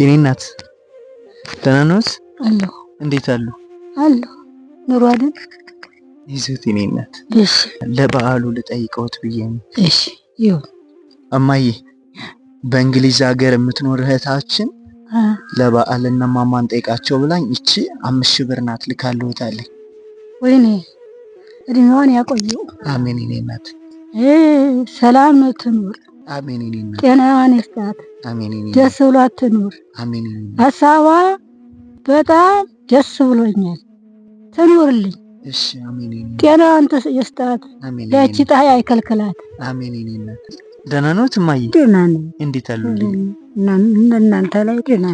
የኔ እናት ደህና ነዎት? አለሁ። እንዴት አሉ? አለሁ። ኑሮ አይደል? ይዞት የኔ እናት። እሺ። ለበዓሉ ልጠይቀዎት ብዬ ነው። እሺ። ይሁን። እማዬ በእንግሊዝ ሀገር የምትኖር እህታችን ለበዓል እና ማማን ጠይቃቸው ብላኝ እቺ አምስት ሺህ ብር ናት ልካልዎታለኝ። ወይኔ እድሜዋን ያቆየው። አሜን። የኔ እናት ሰላም ትኑር። ጤናዋን ይስጣት። ደስ ብሏት ትኑር። ሀሳቧ በጣም ደስ ብሎኛል። ትኑርልኝ። ጤናዋን ይስጣት። ያቺ ፀሐይ አይከልክላት። ደህና እማዬ? ደህና እንዴት ላይ ደህና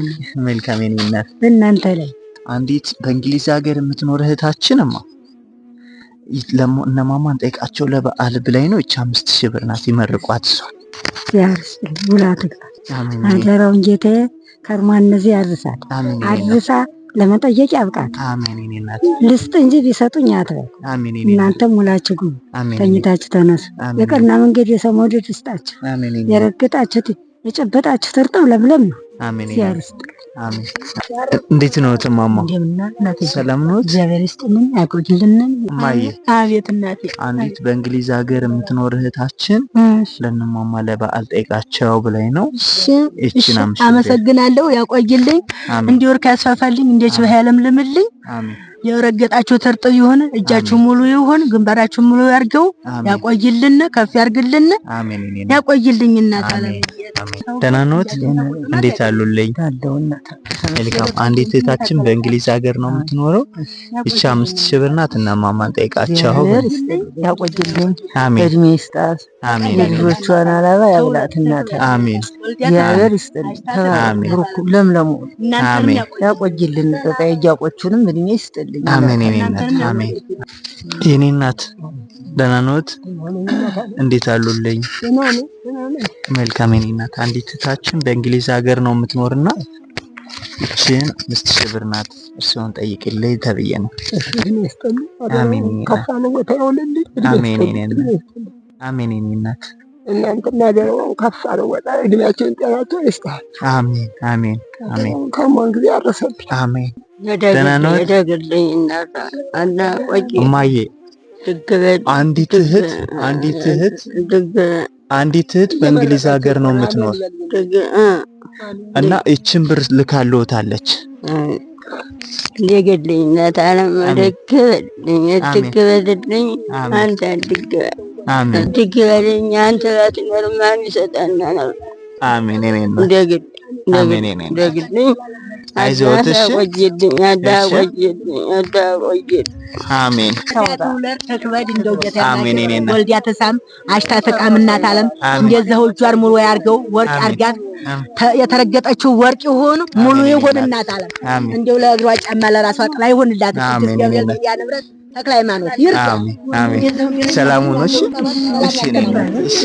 መልካም የኔ እናት። ላይ አንዲት በእንግሊዝ ሀገር የምትኖር እህታችንማ እነማማን ጠይቃቸው ለበዓል ብላይ ነው። ይህች አምስት ሺህ ብር ናት። ይመርቋት እሷን ያርስልን ውላ አደራውን ጌቴ ከርማ እነዚህ ያርሳት አርሳ ለመጠየቅ ያብቃት ልስጥ እንጂ ቢሰጡኝ አትበል። እናንተም ውላችሁ ግቡ፣ ተኝታችሁ ተነሱ። የቀና መንገድ የሰው መውደድ ይስጣችሁ። የረግጣችሁት የጨበጣችሁት እርጥብ ለምለም ነው። ያርስጥ እንዴት ነው ተማማ? ሰላም ነው? እግዚአብሔር ይስጥልን ያቆይልን። አቤት እናቴ። አንዲት በእንግሊዝ ሀገር የምትኖር እህታችን ለእነማማ ለበዓል ጠይቃቸው ብላኝ ነው። እሺ አመሰግናለሁ። ያቆይልኝ፣ እንዲህ ወርቅ ያስፋፋልኝ፣ እንዲች በህያለም ልምልኝ። የረገጣችሁ እርጥብ ይሁን፣ እጃችሁ ሙሉ ይሁን፣ ግንባራችሁ ሙሉ ያርገው። ያቆይልን፣ ከፍ ያርግልን፣ ያቆይልኝ እናት አለ ደህና ነዎት? እንዴት አሉልኝ? መልካም። አንዲት እህታችን በእንግሊዝ ሀገር ነው የምትኖረው። ይቺ አምስት ሺህ ብር ናት እና እማማን ጠይቃቸው። ያቆይልኝ፣ እድሜ ይስጣት፣ የልጆቿን አላባ ያብላት። እናት አሜን፣ እግዚአብሔር ይስጥልኝ። ለምለሙ ያቆይልን። በቃ የጃቆቹንም እድሜ ይስጥልኝ። አሜን፣ የኔ እናት አሜን። የኔ እናት ደህና ነዎት? እንዴት አሉልኝ? መልካም የኔ እናት አንዲት እህታችን በእንግሊዝ ሀገር ነው የምትኖርና ይችን አምስት ሺህ ብር ናት እርስዎን ጠይቅልኝ ተብዬ ነው። አሜን እናት እናንተና ገረውን ከፍ አድርጎት እድሜያቸውን ጤናቸው ይስጣል። አሜን አሜን አሜን። ከማን ጊዜ አረሰብ። አሜን ደህና ነው ደግልኝ እናት አና ቆይ እማዬ አንዲት እህት አንዲት እህት አንዲት እህት በእንግሊዝ ሀገር ነው የምትኖር እና ይችን ብር ልካልዎታለች። ደግልኝ አንተ ባትኖር ማን አሜን። ደግልኝ ደግልኝ አይዞት እሺ። አሜን አሜን። እኔና ወልዲያ ተሳም አሽታ ተቃምናት አለም እንደዛው እጇን ሙሉ ያርገው ወርቅ አርጋት የተረገጠችው ወርቅ ይሁን ሙሉ ይሁንናት አለም እንደው ለእግሯ ጫማ ለራሷ ጥላ ይሁንላት። ገብርኤል ሚዲያ ንብረት ተክለ ሃይማኖት ይርዳ። ሰላሙን እሺ እሺ እሺ